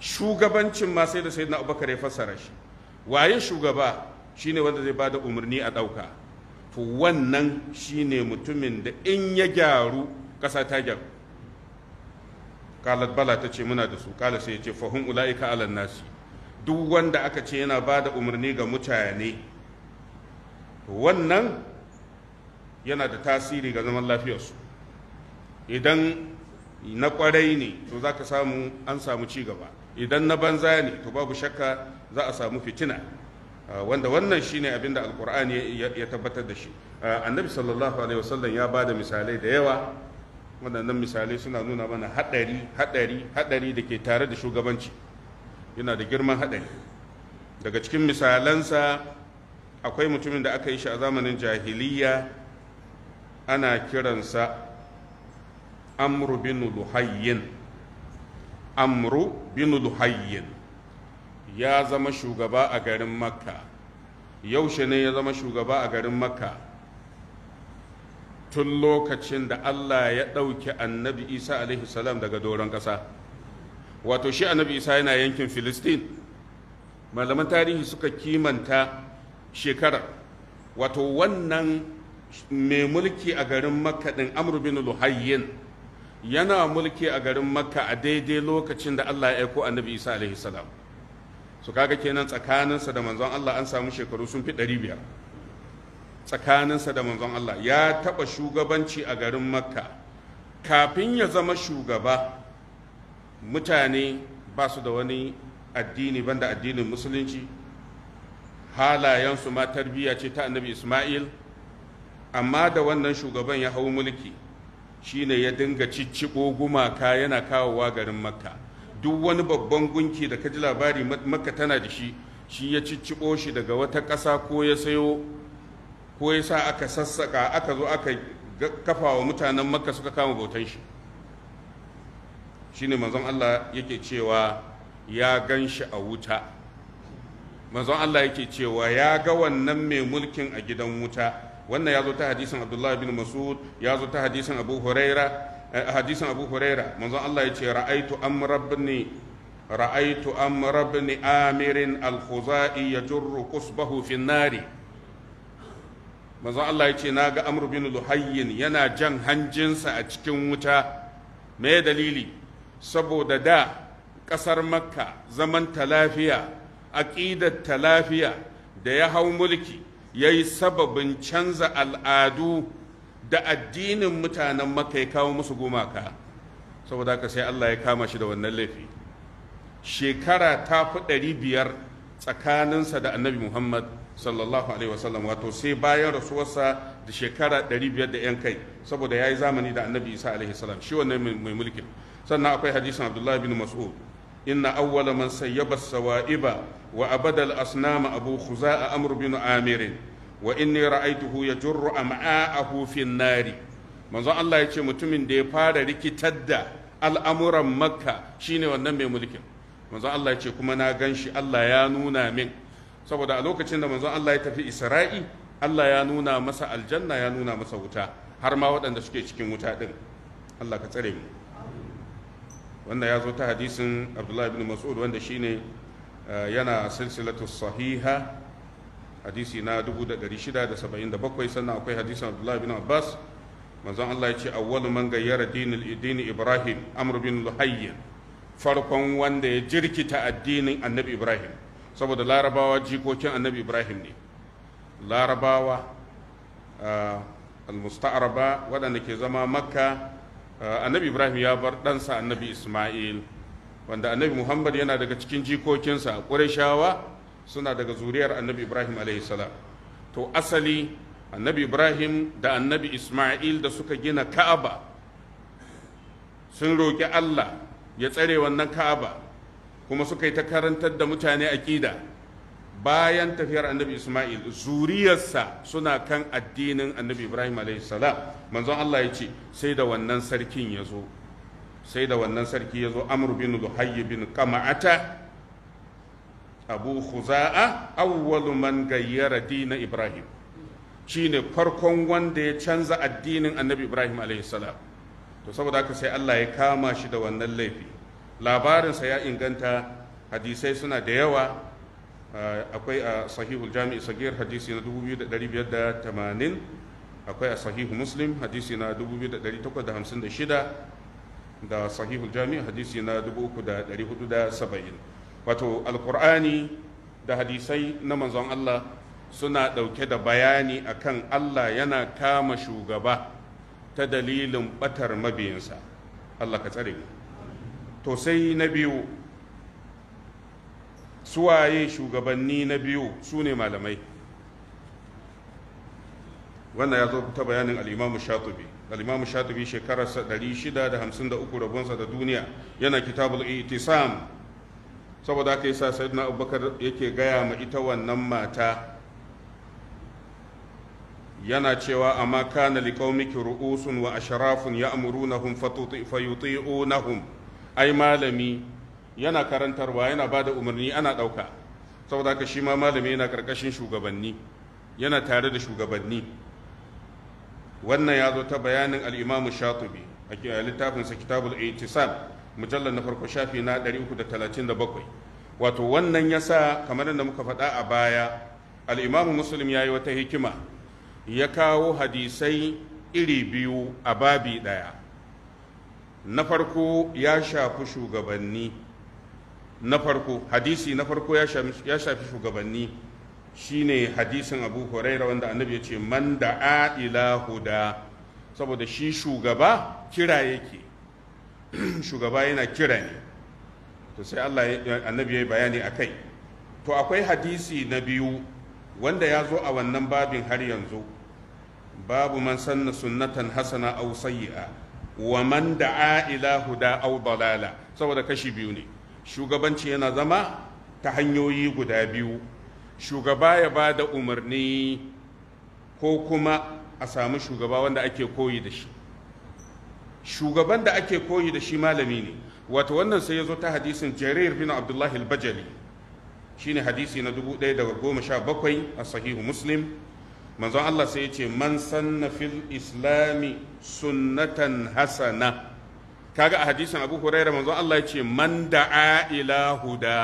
shugabancin ma sai da sayyidina abubakar ya fassara shi waye shugaba shine wanda zai ba da umarni a ɗauka to wannan shine mutumin da in ya gyaru ƙasa ta gyaru Khalad bala ta ce muna da su kala sai yace fa hum ulaika alan nasi duk wanda aka ce yana bada umarni ga mutane wannan yana da tasiri ga zaman lafiyarsu idan na kwarai ne to za ka samu an samu ci gaba idan na banza ne to babu shakka za a samu fitina ah, wanda wannan shine abin da alkur'ani ya tabbatar da shi ah, annabi sallallahu alaihi wasallam ya ba da misalai da yawa waɗannan misalai suna nuna mana haɗari haɗari haɗari da ke tare da shugabanci yana da girman haɗari daga cikin misalansa akwai mutumin da aka yi shi a zamanin jahiliya ana kiransa amru bin luhayyin amru bin luhayyin ya zama shugaba a garin makka yaushe ne ya zama shugaba a garin makka tun lokacin da Allah ya ɗauki annabi Isa alaihi salam daga doron ƙasa wato shi annabi Isa yana yankin Filistin malaman tarihi suka kimanta shekara wato wannan mai mulki a garin Makka ɗin Amr bin Luhayyin yana mulki a garin Makka a daidai lokacin da Allah ya aiko annabi Isa alaihi salam su kaga kenan tsakaninsa da manzon Allah an samu shekaru sun fi ɗari biyar tsakaninsa da manzon Allah ya taɓa shugabanci a garin makka kafin ya zama shugaba mutane ba su da wani addini banda addinin musulunci halayensu ma tarbiyya ce ta annabi ismail amma da wannan shugaban ya hau mulki shine ya dinga cicciɓo gumaka yana kawowa garin makka duk wani babban gunki da ka ji labari makka tana da shi shi ya cicciɓo shi daga wata ƙasa ko ya sayo ko ya sa aka sassaka aka zo aka kafa wa mutanen makka suka kama bautan shi shine manzon Allah yake cewa ya gan shi a wuta manzon Allah yake cewa ya ga wannan mai mulkin a gidan wuta wannan ya zo ta hadisin Abdullah bin Mas'ud ya zo ta hadisin Abu Huraira eh, hadisin Abu Huraira manzon Allah ya ce ra'aitu amrabni ra'aitu amrabni amirin al-khuzai yajurru qusbahu fi nari manzo Allah ya ce na ga amru bin luhayyin yana jan hanjinsa a cikin wuta me dalili saboda da ƙasar makka zaman talafiya aƙidar talafiya da ya hau mulki ya yi sababin canza al'adu da addinin mutanen makka ya kawo musu gumaka saboda haka sai Allah ya kama shi da wannan laifi shekara ta fi ɗari biyar tsakaninsa da annabi muhammad sallallahu alaihi wasallam wato sai bayan rasuwarsa da shekara 500 da yan kai saboda ya yi zamani da annabi isa alaihi salam shi wannan mai mulkin sannan akwai hadisin abdullahi bin mas'ud inna awwala man sayyaba sawa'iba wa abada al-asnama abu khuza'a amr bin amir wa inni ra'aytuhu yajurru am'a'ahu fi an-nari manzo Allah ya ce mutumin da ya fara rikitar da al'amuran makka shine wannan mai mulkin manzo Allah ya ce kuma na gan shi Allah ya nuna min saboda a lokacin da manzon Allah ya tafi Isra'i Allah ya nuna masa aljanna ya nuna masa wuta har ma waɗanda suke cikin wuta ɗin Allah ka tsare mu wanda ya zo ta hadisin Abdullahi ibn Mas'ud wanda shine eh, yana silsilatu sahiha hadisi na 1677 sannan akwai hadisin Abdullahi ibn Abbas manzon Allah ya ce awwalu man gayyara dinil idini Ibrahim Amr bin Luhayy farkon wanda ya jirkita addinin Annabi Ibrahim saboda larabawa jikokin annabi ibrahim ne larabawa almusta'araba waɗanda ke zama makka annabi ibrahim ya bar ɗansa annabi isma'il wanda annabi muhammad yana daga cikin jikokinsa ƙurashawa suna daga zuriyar annabi ibrahim alaihissalam to asali annabi ibrahim da annabi isma'il da suka gina ka'aba sun roƙi allah ya tsare wannan ka'aba kuma suka yi ta karantar da mutane aƙida bayan tafiyar annabi isma'il zuriyarsa suna kan addinin annabi ibrahim salam manzon allah ya ce sai da wannan sarkin ya zo sai da wannan sarki ya zo amr bin luhayy bin kama'ata abu khuza'a awwalu man gayyara dina ibrahim shine farkon wanda ya canza addinin annabi ibrahim salam to saboda haka sai allah ya kama shi da wannan laifi labarinsa ya inganta hadisai suna da yawa ah, akwai a sahihul jami'i sagir hadisi na 2580 akwai a sahihu muslim hadisi na 2856 da sahihul jami'i hadisi na 3470 wato alkur'ani da hadisai na manzon Allah suna ɗauke da bayani akan Allah yana kama shugaba ta dalilin batar mabiyinsa Allah ka tsare mu to sai na biyu suwaye shugabanni na biyu su ne malamai wannan ya zo ta bayanin al'imamu shatubi al'imamu shatubi shekararsa 653 rabonsa da duniya yana kitabul itisam saboda aka yi sa sayyidina abubakar yake gaya ma ita wannan mata yana cewa amma kana liqaumiki ru'usun wa a sharafin ya asharafun ya'murunahum fatuti'unahum ai malami yana karantarwa yana ba da umarni ana ɗauka saboda haka shi ma malami yana ƙarƙashin shugabanni yana tare da shugabanni wannan ya zo ta bayanin al'imamu shatubi a littafinsa kitabul itisam mujallar na farko shafi na 337 wato wannan ya sa kamar da muka faɗa a baya al'imamu muslim ya yi wata hikima ya kawo hadisai iri biyu a babi ɗaya na farko ya shafi shugabanni na farko hadisi na farko ya shafi shugabanni shine hadisin abu huraira wanda annabi ya ce man da'a ila huda saboda shi shugaba kira yake shugaba yana kira ne to sai Allah annabi ya yi bayani a kai to akwai hadisi na biyu wanda ya zo a wannan babin har yanzu babu man sanna sunnatan hasana aw wa man da'a ila huda aw dalala saboda kashi biyu ne shugabanci yana zama ta hanyoyi guda biyu shugaba ya ba da umarni ko kuma a samu shugaba wanda ake koyi da shi shugaban da ake koyi da shi malami ne wato wannan sai ya zo ta hadisin jarir bin abdullahi al-bajali shine hadisi na 1017 a sahihu muslim manzon Allah sai ya ce man sanna fil islami sunnatan hasana kaga a hadisin Abu Huraira manzon Allah ya ce man da'a ila huda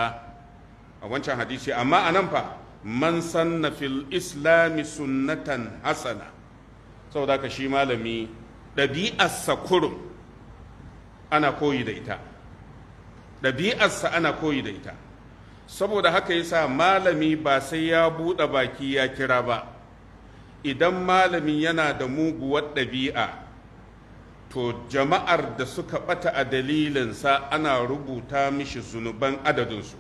a wancan hadisi amma a nan fa man sanna fil islami sunnatan hasana saboda ka shi malami ɗabi'arsa kurum ana koyi da ita ɗabi'arsa ana koyi da ita saboda haka yasa malami ba sai ya buɗe baki ya kira ba idan malami yana da muguwar ɗabi'a to jama'ar da suka ɓata a dalilinsa ana rubuta mishi zunuban adadinsu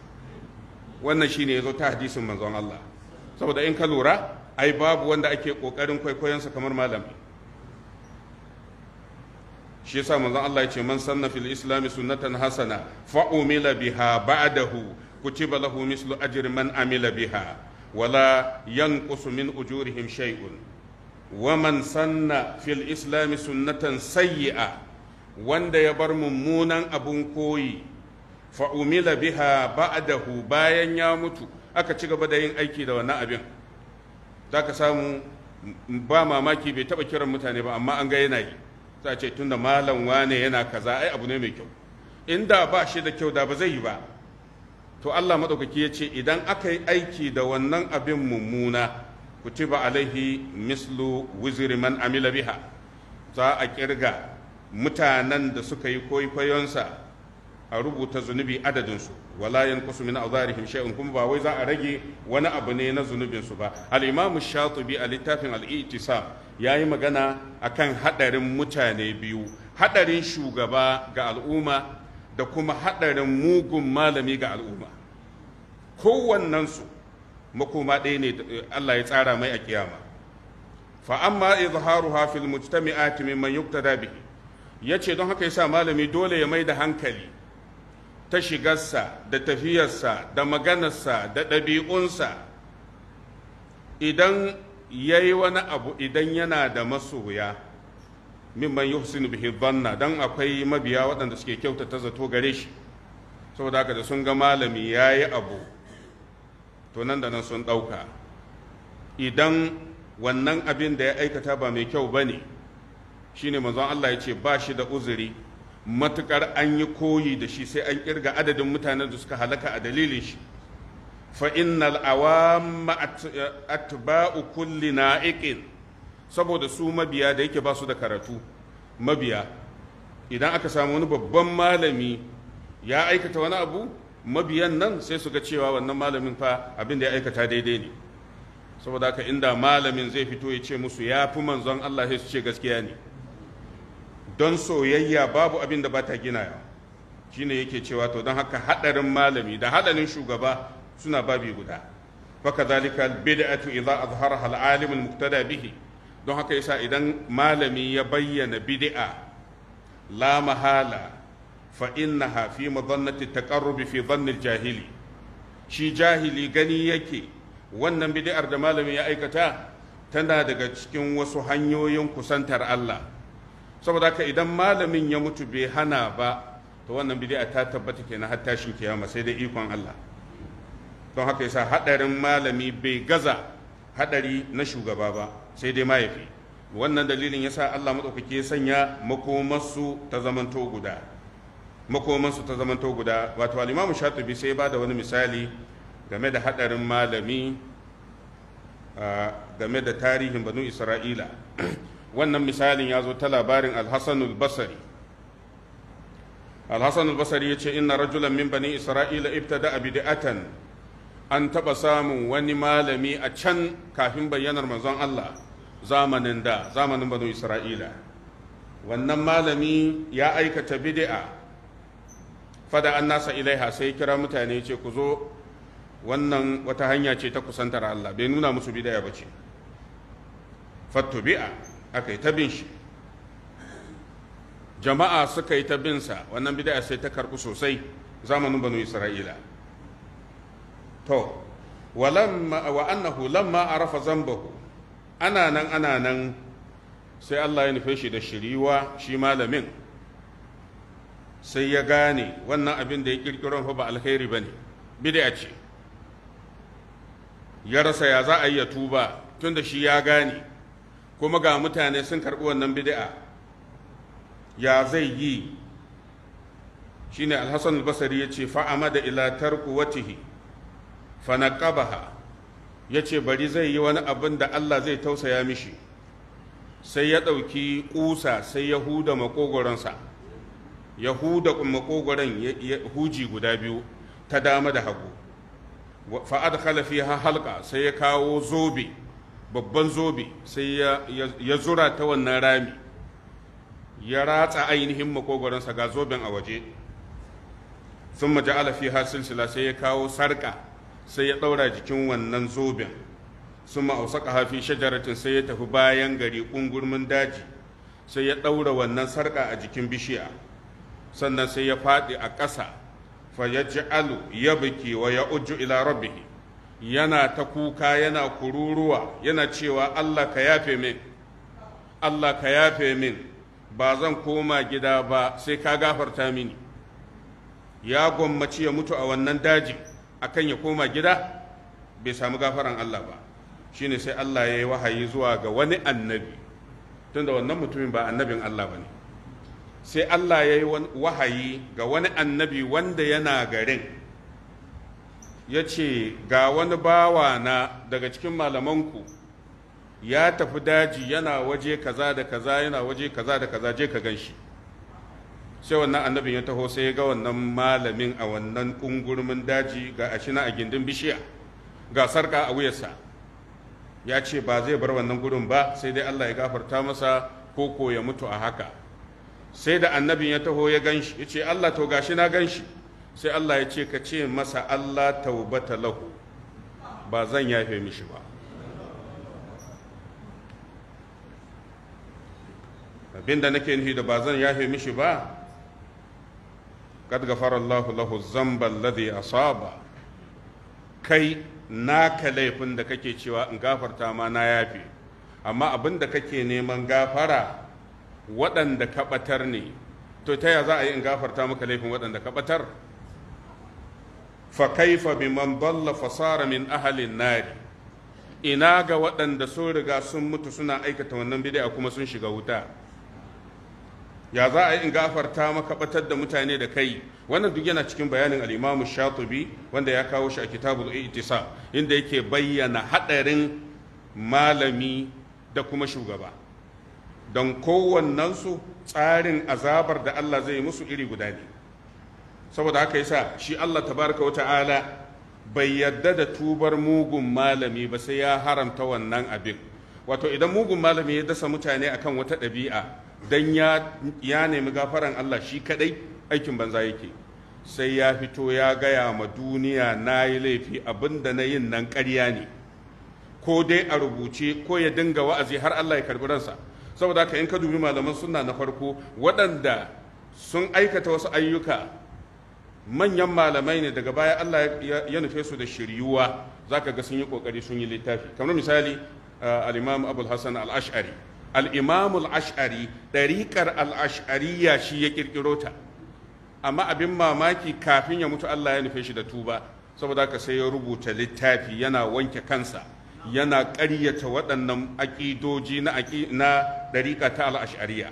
wannan ne ya zo ta hadisin manzon Allah saboda in ka lura ai babu wanda ake ƙoƙarin kwaikwayonsa kamar malami shi yasa manzon Allah ya ce man sanna fil islami sunnatan hasana fa umila biha ba'dahu kutiba lahu mislu ajri man amila biha wala yanqusu min ujurihim shay'un waman sanna fil islami sunnatan sayyi'a wanda ya bar mummunan abun koyi fa'umila biha ba'dahu bayan ya mutu aka ci gaba da yin aiki da wannan abin za ka samu ba mamaki bai taba kiran mutane ba amma an ga yana yi za ce tunda malam wane yana kaza ai abu ne mai kyau inda ba shi da kyau da ba zai yi ba to Allah maɗaukaki ya ce idan aka yi aiki da wannan abin mummuna kutiba alaihi mislu wiziri man amila biha za a kirga mutanen da suka yi kwaikwayonsa a rubuta zunubi adadinsu wala yanqusu min azarihim shay'un kuma ba wai za a rage wani abu ne na zunubin su ba al-imam shatibi a littafin al-i'tisam yayi magana akan hadarin mutane biyu hadarin shugaba ga al'umma da kuma haɗarin mugun malami ga al'umma su makoma ɗaya ne eh, Allah ya tsara mai a kiyama fa amma izharuha fil mujtami'ati mimman yuqtada bihi yace don haka yasa malami dole ya mai da hankali ta shigarsa da tafiyarsa da maganarsa da ɗabi'unsa idan yayi wani abu idan yana da masoya mimman yuhsinu bihi dhanna dan akwai mabiya waɗanda suke kyautata zato gare shi saboda haka da sun ga malami yayi abu to nan da nan sun ɗauka idan wannan abin da ya aikata ba mai kyau ba bane shine manzon Allah ya ce ba shi da uzuri matukar an yi koyi da shi sai an kirga adadin mutanen da suka halaka a dalilin shi fa innal awamma atba'u kulli na'iqin saboda su mabiya da yake ba su da karatu mabiya idan aka samu wani babban malami ya aikata wani abu mabiyan nan sai su ga cewa wannan malamin fa abin da ya aikata daidai ne saboda haka inda malamin zai fito ya ce musu ya fi manzon Allah sai su ce gaskiya ne don soyayya babu abin da ba ta gina shine yake cewa to don haka hadarin malami da hadarin shugaba suna babi guda فكذلك البدعة إذا أظهرها العالم المقتدى به don haka yasa idan malami ya bayyana bid'a la mahala fa innaha fi madannati taqarrubi fi dhanni jahili shi jahili gani yake wannan bid'ar da malami ya aikata tana daga cikin wasu hanyoyin kusantar Allah saboda haka idan malamin ya mutu bai hana ba to wannan bid'a ta tabbata kenan har tashin kiyama sai da ikon Allah don haka yasa hadarin malami bai gaza hadari na shugaba ba sai dai mahaifi wannan dalilin yasa Allah madaukaki ya sanya makomansu ta zamanto guda makomansu ta zamanto guda wato al-Imam Shatibi sai ba da wani misali game da hadarin malami game da tarihin banu Isra'ila wannan misalin ya zo ta labarin al-Hasan al-Basri al-Hasan al-Basri yace inna rajulan min bani Isra'ila ibtada bid'atan an taɓa samun wani malami a can kafin bayyanar manzon Allah zamanin da zamanin banu Isra'ila wannan malami ya aikata bid'a fada an nasa ilaiha sai kira mutane ce ku zo wannan wata hanya ce ta kusantar Allah bai nuna musu bid'a ba ce fattubi'a aka yi ta bin shi jama'a suka yi ta binsa wannan bid'a sai ta karɓi sosai zamanin banu Isra'ila to walamma wa annahu lamma arafa zambahu ana nan ana nan sai Allah ya nufe shi da shiriwa shi malamin sai ya gane wannan abin da ya kirkiron fa ba alkhairi bane bid'a ce ya rasa ya za a yi ya tuba tunda shi ya gane kuma ga mutane sun karɓi wannan bid'a ya zai yi shine alhassan albasari ya ce fa da ila tarku watihi Fanaƙabaha ya ce bari zai yi wani abin da Allah zai tausaya mishi sai ya ɗauki ƙusa sai ya huda makogoronsa ya huda huji guda biyu ta dama da hagu fa'ad khalafi ha halka sai ya kawo zobe babban zobe sai ya zura ta wannan rami ya ratsa ainihin makogwaronsa ga zoben a waje sun maja'ala alafi ha silsila sai ya kawo sarka sai ya ɗaura jikin wannan zobin sun ma'ausa hafi shajaratin sai ya tafi bayan gari ƙungurmin daji sai ya ɗaura wannan sarƙa a jikin bishiya sannan sai ya faɗi a ƙasa fa ya alu, ya biki wa ya uju ila rabbihi yana ta kuka yana kururuwa yana cewa Allah ka yafe min Allah ka yafe min ba zan koma gida ba sai ka gafarta mini ya gwammaci ya mutu a wannan dajin akan ya koma gida bai samu gafaran Allah ba shine sai Allah ya yi wahayi zuwa ga wani annabi tunda wannan mutumin ba annabin Allah ba ne sai Allah ya yi wahayi ga wani annabi wanda yana garin ya ce ga wani bawa na daga cikin malamanku ya tafi daji yana waje kaza da kaza yana waje kaza da kaza je ka gan shi sai wannan annabin ya taho sai ya ga wannan malamin a wannan kungurmin daji ga ashina a gindin bishiya ga sarka a wuyarsa ya ce ba zai bar wannan gudun ba sai dai Allah ya gafarta masa ko ko ya mutu a haka sai da annabin ya taho ya ganshi ya ce Allah to gashi na ganshi sai Allah ya ce ka ce masa Allah taubata lahu ba zan yafe mishi ba abinda nake nufi da ba zan yafe mishi ba qad ghafara Allahu lahu dhanba alladhi asaba kai naka laifin da kake cewa in gafarta ma na yafe amma abin da kake neman gafara waɗanda ka ne to ta ya za a yi in gafarta maka laifin waɗanda ka ɓatar fa kaifa biman dalla fasara min ahalin nari ina ga waɗanda sun riga sun mutu suna aikata wannan bid'a kuma sun shiga wuta ya za a yi in gafarta maka batar da mutane da kai wannan duk yana cikin bayanin al'imamu shatubi wanda ya kawo shi a kitabul itisa inda yake bayyana hadarin malami da kuma shugaba don kowannensu tsarin azabar da Allah zai musu iri guda ne saboda haka yasa shi Allah tabaraka wa ta'ala bai yadda da tubar mugun malami ba sai ya haramta wannan abin wato idan mugun malami ya dasa mutane akan wata ɗabi'a dan ya nemi gafaran Allah shi kadai aikin banza yake sai ya fito ya gaya ma duniya na yi laifi abinda na yin nan karya ne ko dai a rubuce ko ya dinga wa'azi har Allah ya karbi ransa saboda haka in ka dubi malaman sunna na farko waɗanda sun aikata wasu ayyuka manyan malamai ne daga baya Allah ya nufe su da shiryuwa zaka ga sun yi kokari sun yi littafi kamar misali eh, al-Imam Abul Hasan al-Ash'ari Al'imamul ashari ɗariƙar al'ash'ariya shi ya ƙirƙiro ta amma abin mamaki kafin ya mutu Allah ya nufe shi da tuba saboda haka sai ya rubuta littafi yana wanke kansa yana ƙaryata waɗannan aƙidoji na ɗariƙa ta al'ash'ariya,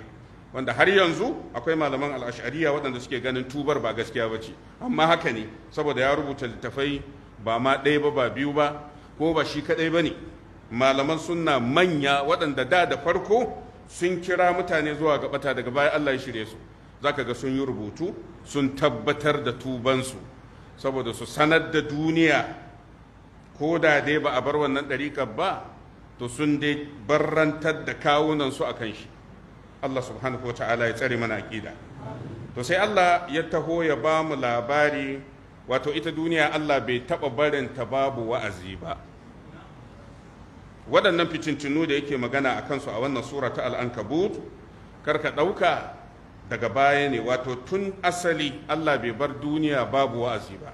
wanda har yanzu akwai malaman al'ash'ariya waɗanda suke ganin tubar ba gaskiya ba ce amma haka ne saboda ya rubuta littafai ba ma ɗaya ba ba biyu ba ko ba shi kaɗai ba ne malaman sunna manya waɗanda da da farko sun kira mutane zuwa gabata daga baya Allah ya shirye su zaka ga sun yi rubutu sun tabbatar da tubansu saboda su sanar da duniya ko da dai ba a bar wannan ɗariƙar ba to sun dai barrantar da kawunansu a kan shi Allah subhanahu wa ta'ala ya tsare mana aƙida to sai Allah ya taho ya ba mu labari wato ita duniya Allah bai taɓa barinta babu wa'azi ba waɗannan fitintunu da yake magana a kansu a wannan sura ta al'ankabut karka ɗauka daga baya ne wato tun asali allah bai bar duniya babu wa'azi ba